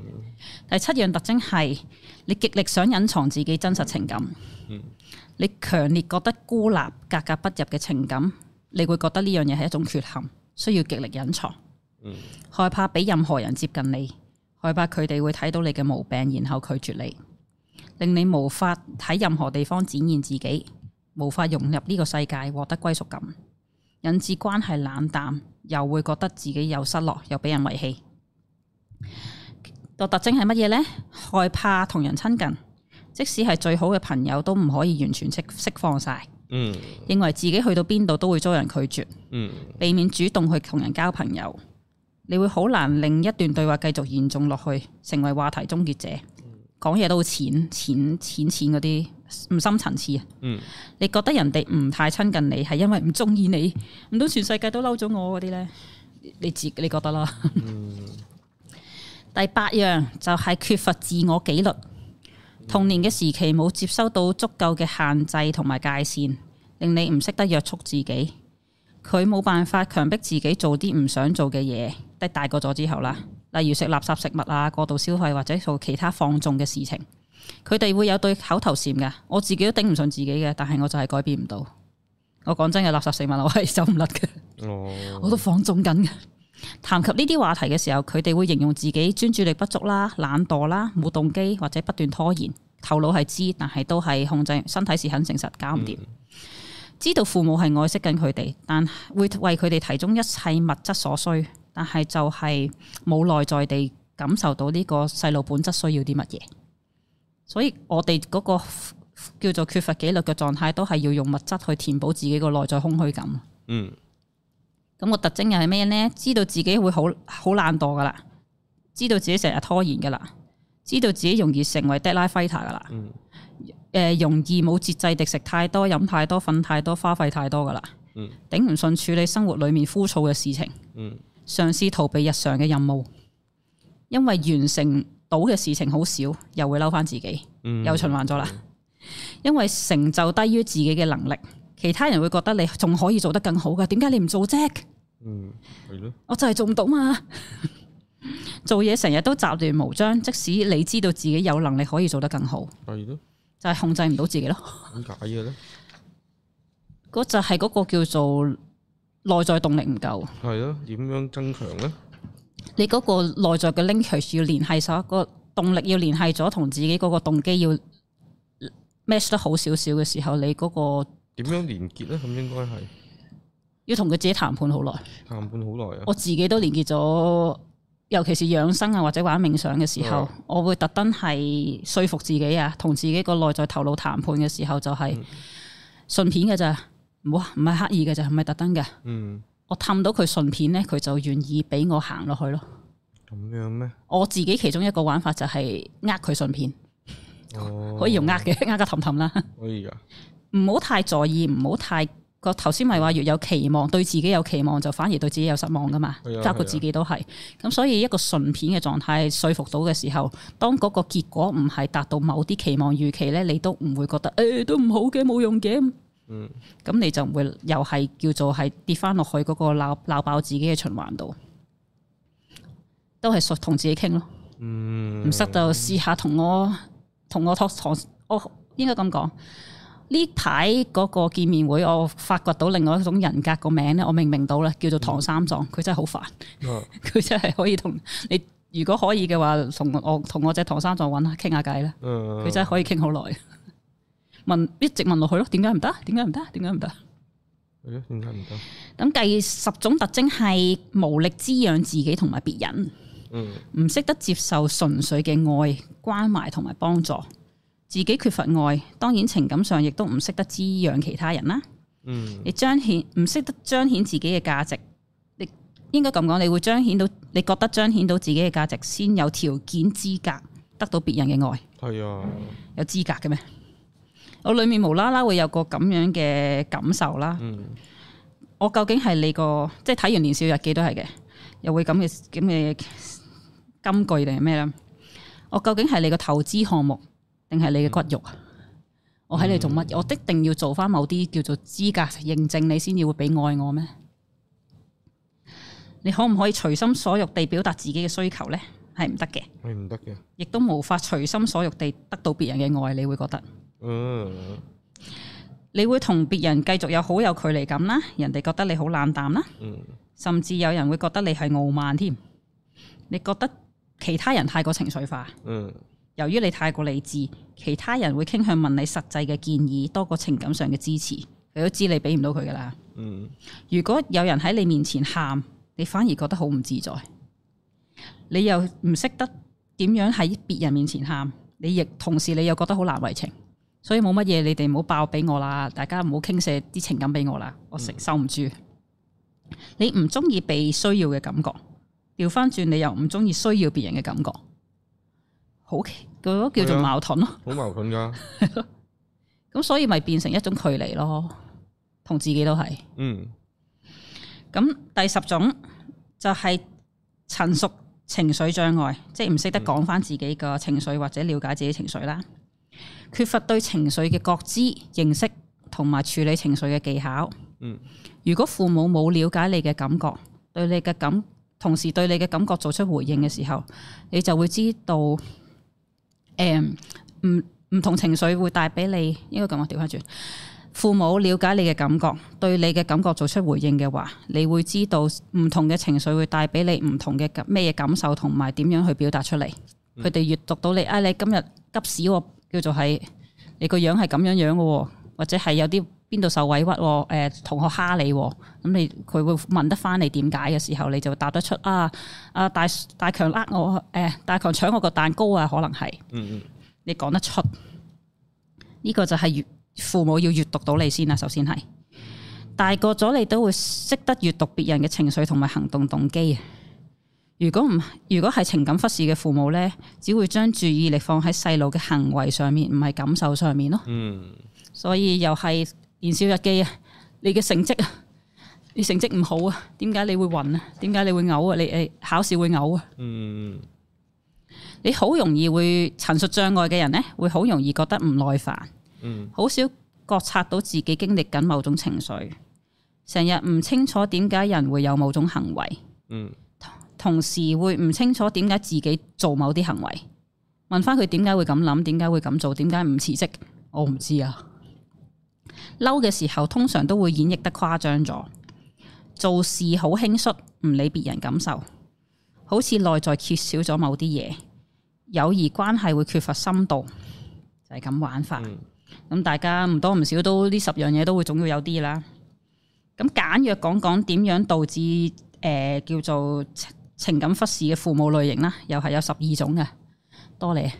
第七樣特徵係你極力想隱藏自己真實情感。嗯。你強烈覺得孤立、格格不入嘅情感，你會覺得呢樣嘢係一種缺陷，需要極力隱藏。嗯。害怕俾任何人接近你，害怕佢哋會睇到你嘅毛病，然後拒絕你。令你無法喺任何地方展現自己，無法融入呢個世界，獲得歸屬感，引致關係冷淡，又會覺得自己又失落，又俾人遺棄。個特徵係乜嘢呢？害怕同人親近，即使係最好嘅朋友，都唔可以完全釋放晒。嗯。認為自己去到邊度都會遭人拒絕。嗯。避免主動去同人交朋友，你會好難令一段對話繼續延續落去，成為話題終結者。講嘢都好淺、淺、淺、淺嗰啲唔深層次啊、嗯！你覺得人哋唔太親近你，係因為唔中意你，唔通全世界都嬲咗我嗰啲呢？你自你覺得啦。第八樣就係缺乏自我紀律，童年嘅時期冇接收到足夠嘅限制同埋界線，令你唔識得約束自己，佢冇辦法強迫自己做啲唔想做嘅嘢。但大個咗之後啦。例如食垃圾食物啊，過度消費或者做其他放縱嘅事情，佢哋會有對口頭禪嘅，我自己都頂唔順自己嘅，但係我就係改變唔到。我講真嘅，垃圾食物我係走唔甩嘅。哦、我都放縱緊嘅。談及呢啲話題嘅時候，佢哋會形容自己專注力不足啦、啊、懶惰啦、啊、冇動機或者不斷拖延。頭腦係知，但係都係控制，身體是很誠實，搞唔掂。嗯、知道父母係愛惜緊佢哋，但會為佢哋提供一切物質所需。但係就係冇內在地感受到呢個細路本質需要啲乜嘢，所以我哋嗰個叫做缺乏紀律嘅狀態，都係要用物質去填補自己個內在空虛感。嗯。咁個特徵又係咩呢？知道自己會好好懶惰噶啦，知道自己成日拖延噶啦，知道自己容易成為 deadline fighter 噶啦。嗯。誒，容易冇節制地食太多、飲太多、瞓太多、花費太多噶啦。嗯。頂唔順處理生活裡面枯燥嘅事情。嗯。嘗試逃避日常嘅任務，因為完成到嘅事情好少，又會嬲翻自己，嗯、又循環咗啦。嗯、因為成就低於自己嘅能力，其他人會覺得你仲可以做得更好㗎，點解你唔做啫？嗯，係咯，我就係做唔到嘛。做嘢成日都雜亂無章，即使你知道自己有能力可以做得更好，係咯的，就係控制唔到自己咯。點解嘢咧？嗰 就係嗰個叫做。.內在動力唔夠，係咯？點樣增強咧？你嗰個內在嘅 linkage 要聯繫咗，個動力要聯繫咗，同自己嗰個動機要 match 得好少少嘅時候，你嗰、那個點樣連結咧？咁應該係要同佢自己談判好耐，談判好耐啊！我自己都連結咗，尤其是養生啊或者玩冥想嘅時候，的我會特登係說服自己啊，同自己個內在頭腦談判嘅時候就係、是、順便嘅咋。唔啊，唔係刻意嘅，就係唔係特登嘅。嗯，我氹到佢順片咧，佢就願意俾我行落去咯。咁樣咩？我自己其中一個玩法就係呃佢順片，哦、 可以用呃嘅，呃個氹氹啦。 可以啊。唔好太在意，唔好太個頭先咪話要有期望，對自己有期望就反而對自己有失望噶嘛。哎、呀包括自己都係。咁、哎、呀所以一個順片嘅狀態說服到嘅時候，當嗰個結果唔係達到某啲期望預期咧，你都唔會覺得誒、欸、都唔好嘅，冇用嘅。嗯，咁你就唔會又係叫做係跌翻落去嗰個鬧鬧爆自己嘅循環度，都係同自己傾咯。唔識、嗯、就試下同我同我托唐、哦，我應該咁講。呢排嗰個見面會，我發掘到另外一種人格個名咧，我明明到喇，叫做唐三藏，佢、嗯、真係好煩。佢、嗯、 真係可以同你，如果可以嘅話，同我同我隻唐三藏揾下傾下偈喇。佢、嗯、真係可以傾好耐。問一直問落去咯，點解唔得？點解唔得？點解唔得？係點解唔得？咁第十種特徵係無力滋養自己同埋別人。嗯，唔識得接受純粹嘅愛關懷同埋幫助，自己缺乏愛，當然情感上亦都唔識得滋養其他人啦。嗯，你彰顯唔識得彰顯自己嘅價值，你應該咁講，你會彰顯到你覺得彰顯到自己嘅價值，先有條件資格得到別人嘅愛。係啊，嗯，有資格嘅咩？我裏面無啦啦會有個咁樣嘅感受啦、嗯。我究竟係你個即係睇完《年少日記》都係嘅，又會咁嘅咁嘅金句定係咩咧？我究竟係你個投資項目定係你嘅骨肉啊？我喺你做乜？我一定要做翻某啲叫做資格認證，你先至會俾愛我咩？你可唔可以隨心所欲地表達自己嘅需求咧？係唔得嘅，係唔得嘅，亦都無法隨心所欲地得到別人嘅愛。你會覺得？嗯，你會同別人繼續有好有距離感啦，人哋覺得你好冷淡啦，嗯、甚至有人會覺得你係傲慢添。你覺得其他人太過情緒化，嗯、由於你太過理智，其他人會傾向問你實際嘅建議，多過情感上嘅支持。佢都知你俾唔到佢㗎喇。嗯、如果有人喺你面前喊，你反而覺得好唔自在。你又唔識得點樣喺別人面前喊，你亦同時你又覺得好難為情。.所以冇乜嘢，你哋唔好爆俾我啦，大家唔好傾瀉啲情感俾我啦，我承受唔住。嗯、你唔中意被需要嘅感覺，調翻轉你又唔中意需要別人嘅感覺，好，都叫做矛盾咯，好、啊、矛盾噶。咁 所以咪變成一種距離咯，同自己都係。嗯。咁第十種就係陳熟情緒障礙，即係唔識得講翻自己嘅情緒或者了解自己情緒啦。缺乏對情緒嘅覺知、認識同埋處理情緒嘅技巧。嗯、如果父母冇了解你嘅感覺，對你嘅感，同時對你嘅感覺做出回應嘅時候，你就會知道，誒、嗯，唔唔同情緒會帶俾你。應該咁，我調翻轉，父母了解你嘅感覺，對你嘅感覺做出回應嘅話，你會知道唔同嘅情緒會帶俾你唔同嘅咩嘢感受，同埋點樣去表達出嚟。佢哋、嗯、閱讀到你，啊、哎，你今日急屎喎。叫做係你個樣係咁樣樣嘅，或者係有啲邊度受委屈，誒同學蝦你，咁你佢會問得翻你點解嘅時候，你就答得出啊，啊大大強呃我，誒、啊、大強搶我個蛋糕啊，可能係，你講得出，呢、這個就係父母要閱讀到你先啦，首先係大個咗，你都會識得閱讀別人嘅情緒同埋行動動機。如果唔如果係情感忽視嘅父母咧，只會將注意力放喺細路嘅行為上面，唔係感受上面咯。嗯，所以又係燃燒日記啊，你嘅成績啊，你成績唔好啊，點解你會暈啊？點解你會嘔啊？你誒考試會嘔啊？嗯，你好容易會陳述障礙嘅人咧，會好容易覺得唔耐煩。嗯，好少覺察到自己經歷緊某種情緒，成日唔清楚點解人會有某種行為。嗯。同時會唔清楚點解自己做某啲行為，問翻佢點解會咁諗，點解會咁做，點解唔辭職，我唔知啊。嬲嘅時候通常都會演繹得誇張咗，做事好輕率，唔理別人感受，好似內在缺少咗某啲嘢，友誼關係會缺乏深度，就係、是、咁玩法。咁、嗯、大家唔多唔少都呢十樣嘢都會總要有啲啦。咁簡約講講點樣導致誒、呃、叫做。情感忽視嘅父母類型啦，又係有十二種嘅。多嚟，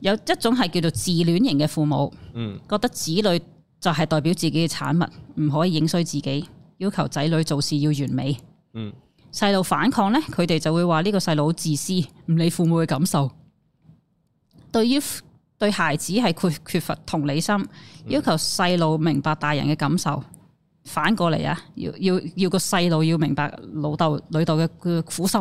有一種係叫做自戀型嘅父母，嗯，覺得子女就係代表自己嘅產物，唔可以影衰自己，要求仔女做事要完美。嗯，細路反抗咧，佢哋就會話呢個細路好自私，唔理父母嘅感受。對於對孩子係缺缺乏同理心，要求細路明白大人嘅感受。反過嚟啊！要要要個細路要明白老豆女豆嘅苦心，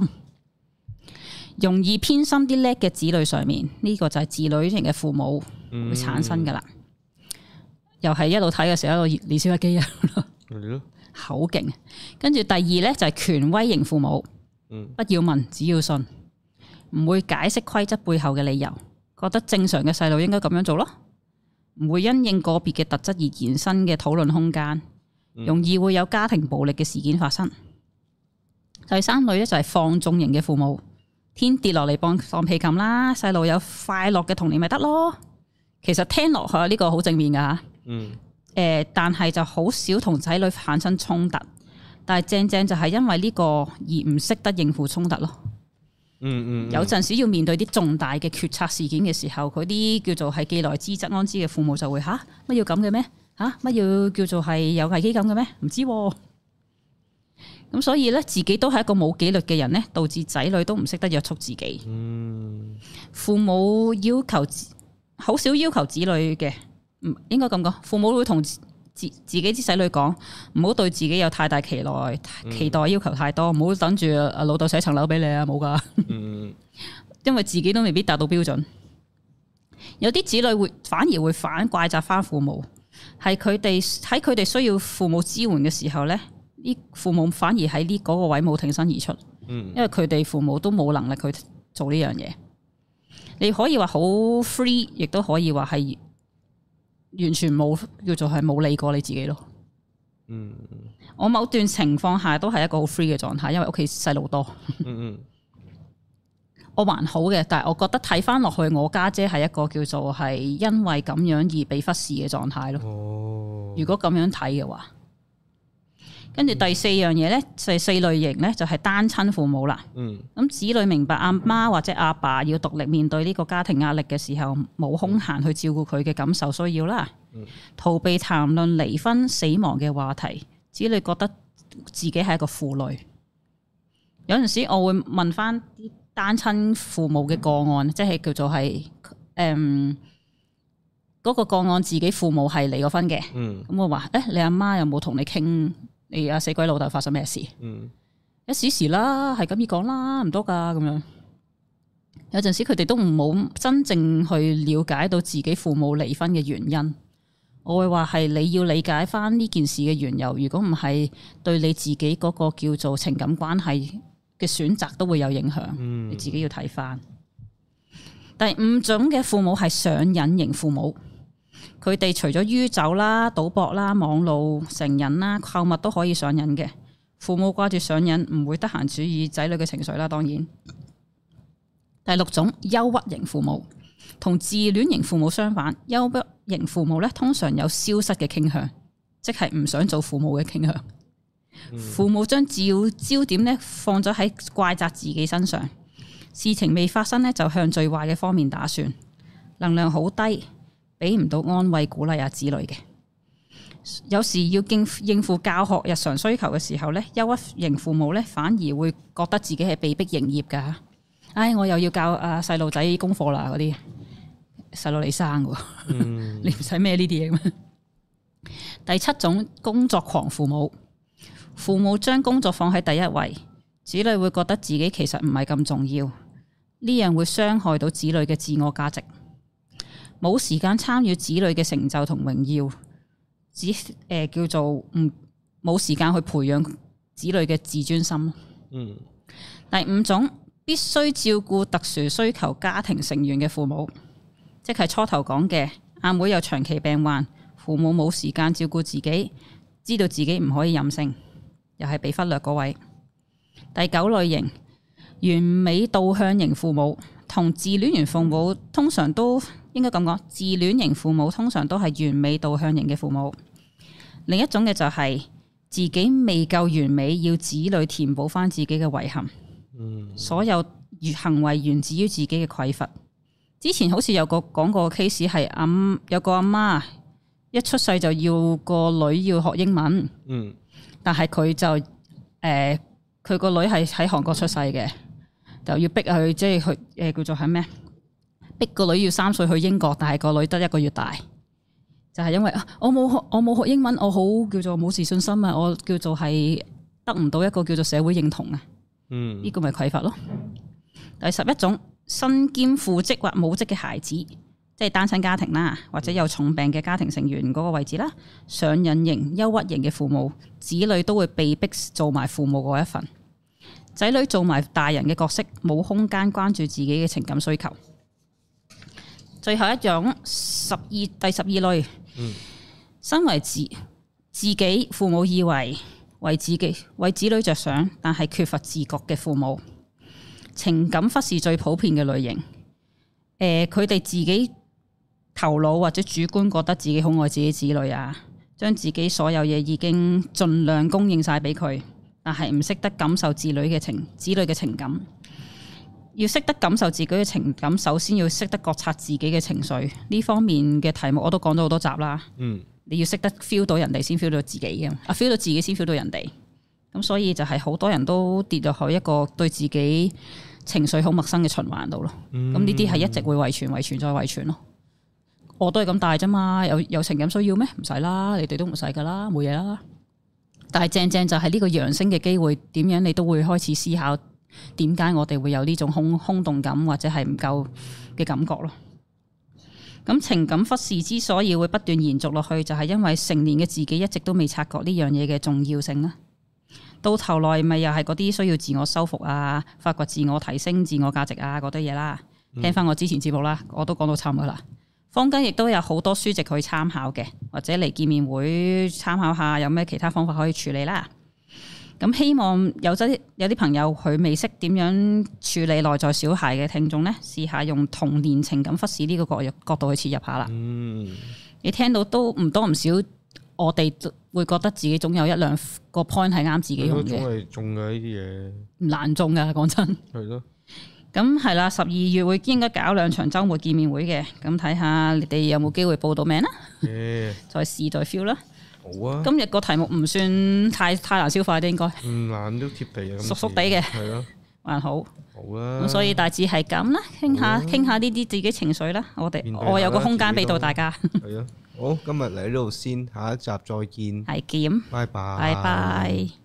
容易偏心啲叻嘅子女上面呢，這個就係子女型嘅父母會產生噶啦。嗯、又係一路睇嘅時候一一，一路練少一肌肉咯，好勁。 跟住第二咧就係、是、權威型父母，嗯、不要問，只要信，唔會解釋規則背後嘅理由，覺得正常嘅細路應該咁樣做咯，唔會因應個別嘅特質而延伸嘅討論空間。容易會有家庭暴力嘅事件發生。第三類咧就係放縱型嘅父母，天跌落嚟幫放屁冚啦，細路有快樂嘅童年咪得咯。其實聽落去呢個好正面噶吓。誒、嗯呃，但係就好少同仔女產生衝突，但係正正就係因為呢個而唔識得應付衝突咯、嗯。嗯嗯。有陣時要面對啲重大嘅決策事件嘅時候，嗰啲叫做係既來之則安之嘅父母就會吓，乜、啊、要咁嘅咩？吓乜，要叫做係有危機感嘅咩？唔知咁、啊、所以咧，自己都係一個冇紀律嘅人咧，導致仔女都唔識得約束自己。嗯、父母要求好少要求子女嘅，唔應該咁講。父母會同自自己啲仔女講，唔好對自己有太大期待，嗯、期待要求太多，唔好等住老豆寫層樓俾你啊！冇㗎， 因為自己都未必達到標準。有啲子女會反而會反怪責翻父母。係佢哋喺佢哋需要父母支援嘅時候咧，呢父母反而喺呢個位冇挺身而出，嗯、因為佢哋父母都冇能力去做呢樣嘢。你可以話好 free，亦都可以話係完全冇叫做係冇理過你自己咯。嗯，我某段情況下都係一個好 free 嘅狀態，因為屋企細路多。嗯嗯。我還好嘅，但係我覺得睇翻落去，我家姐係一個叫做係因為咁樣而被忽視嘅狀態咯。哦、如果咁樣睇嘅話，跟住第四樣嘢咧，就係、嗯、四類型咧，就係單親父母啦。嗯，咁子女明白阿媽，媽或者阿爸，爸要獨力面對呢個家庭壓力嘅時候，冇空閒去照顧佢嘅感受需要啦。嗯、逃避談論離婚、死亡嘅話題，子女覺得自己係一個負累。有陣時，我會問翻單親父母嘅個案，即係叫做係，誒、嗯，嗰、那個個案自己父母係離過婚嘅。嗯，咁我話，誒、欸，你阿媽有冇同你傾？你阿死鬼老豆發生咩事？嗯，一時時啦，係咁樣講啦，唔多噶，咁樣。有陣時佢哋都唔好真正去了解到自己父母離婚嘅原因。我會話係你要理解翻呢件事嘅緣由。如果唔係，對你自己嗰個叫做情感關係。嘅選擇都會有影響，你自己要睇翻。嗯、第五種嘅父母係上癮型父母，佢哋除咗酗酒啦、賭博啦、網路成癮啦、購物都可以上癮嘅。父母掛住上癮，唔會得閒注意仔女嘅情緒啦。當然，第六種憂鬱型父母，同自戀型父母相反，憂鬱型父母咧通常有消失嘅傾向，即係唔想做父母嘅傾向。父母將焦焦點呢放咗喺怪責自己身上，事情未發生呢，就向最壞嘅方面打算，能量好低，俾唔到安慰鼓勵啊子女嘅。有時要應應付教學日常需求嘅時候呢，憂鬱型父母呢，反而會覺得自己係被逼營業噶，唉，我又要教阿細路仔功課啦嗰啲，細路你生，嗯、 你唔使咩呢啲嘢咩？第七種工作狂父母。父母將工作放喺第一位，子女會覺得自己其實唔係咁重要，呢樣會傷害到子女嘅自我價值，冇時間參與子女嘅成就同榮耀，只誒、呃、叫做唔冇時間去培養子女嘅自尊心。嗯，第五種，必須照顧特殊需求家庭成員嘅父母，即係初頭講嘅阿妹有長期病患，父母冇時間照顧自己，知道自己唔可以任性。又係被忽略嗰位。第九類型完美導向型父母同自戀型父母通常都應該咁講，自戀型父母通常都係完美導向型嘅父母。另一種嘅就係、是、自己未夠完美，要子女填補返自己嘅遺憾。所有行為源自於自己嘅匱乏。之前好似有個講過 case 係阿有個阿媽，媽。一出世就要個女要學英文，嗯、但係佢就誒，佢、呃、個女係喺韓國出世嘅，就要逼佢即係去誒、呃，叫做係咩？逼個女要三歲去英國，但係個女得一個月大，就係、是、因為、啊、我冇我冇學英文，我好叫做冇自信心啊，我叫做係得唔到一個叫做社會認同啊，嗯，呢個咪匱乏咯。第十一種身兼父職或母職嘅孩子。即係單親家庭啦，或者有重病嘅家庭成員嗰個位置啦，上癮型、憂鬱型嘅父母，子女都會被逼做埋父母嗰一份，仔女做埋大人嘅角色，冇空間關注自己嘅情感需求。最後一種十二第十二類，嗯、身為自自己父母以為為自己為子女着想，但係缺乏自覺嘅父母，情感忽視最普遍嘅類型。呃、佢哋自己。頭腦或者主觀覺得自己好愛自己子女啊，將自己所有嘢已經盡量供應晒俾佢，但係唔識得感受子女嘅情子女嘅情感。要識得感受自己嘅情感，首先要識得覺察自己嘅情緒。呢方面嘅題目我都講咗好多集啦。你要識得 feel 到人哋先 feel 到自己嘅，啊 feel 到自己先 feel 到人哋。咁所以就係好多人都跌落去一個對自己情緒好陌生嘅循環度咯。咁呢啲係一直會遺傳遺傳再遺傳咯。我都係咁大啫嘛，有有情感需要咩？唔使啦，你哋都唔使噶啦，冇嘢啦。但係正正就係呢個揚升嘅機會，點樣你都會開始思考，點解我哋會有呢種空空洞感或者係唔夠嘅感覺咯？咁情感忽視之所以會不斷延續落去，就係、是、因為成年嘅自己一直都未察覺呢樣嘢嘅重要性啦。到頭來咪又係嗰啲需要自我修復啊，發掘自我提升自我價值啊嗰啲嘢啦。聽翻我之前節目啦，我都講到差唔多啦。坊間亦都有好多書籍可以參考嘅，或者嚟，見面會參考下，有咩其他方法可以處理啦。咁希望有咗有啲朋友佢未識點樣處理內在小孩嘅聽眾呢，試下用童年情感忽視呢個角角度去切入下啦。嗯，你聽到都唔多唔少，我哋會覺得自己總有一兩個 point 係啱自己用嘅，都係中㗎呢啲嘢，唔難中㗎，講真咁係啦，十二、啊、月會應該搞兩場周末見面會嘅，咁睇下你哋有冇機會報到名啦、啊。誒， 再試再 feel 啦。好啊。今日個題目唔算太太難消化啲，應該。唔難、嗯，都貼地，熟熟地嘅。係咯、嗯。嗯、還好。好啊。咁所以大致係咁啦，傾下傾、啊、下呢啲自己情緒啦。我哋我有個空間俾到大家。係 啊，好，今日嚟呢度先，下一集再見。係見的。拜拜 Bye bye。拜拜。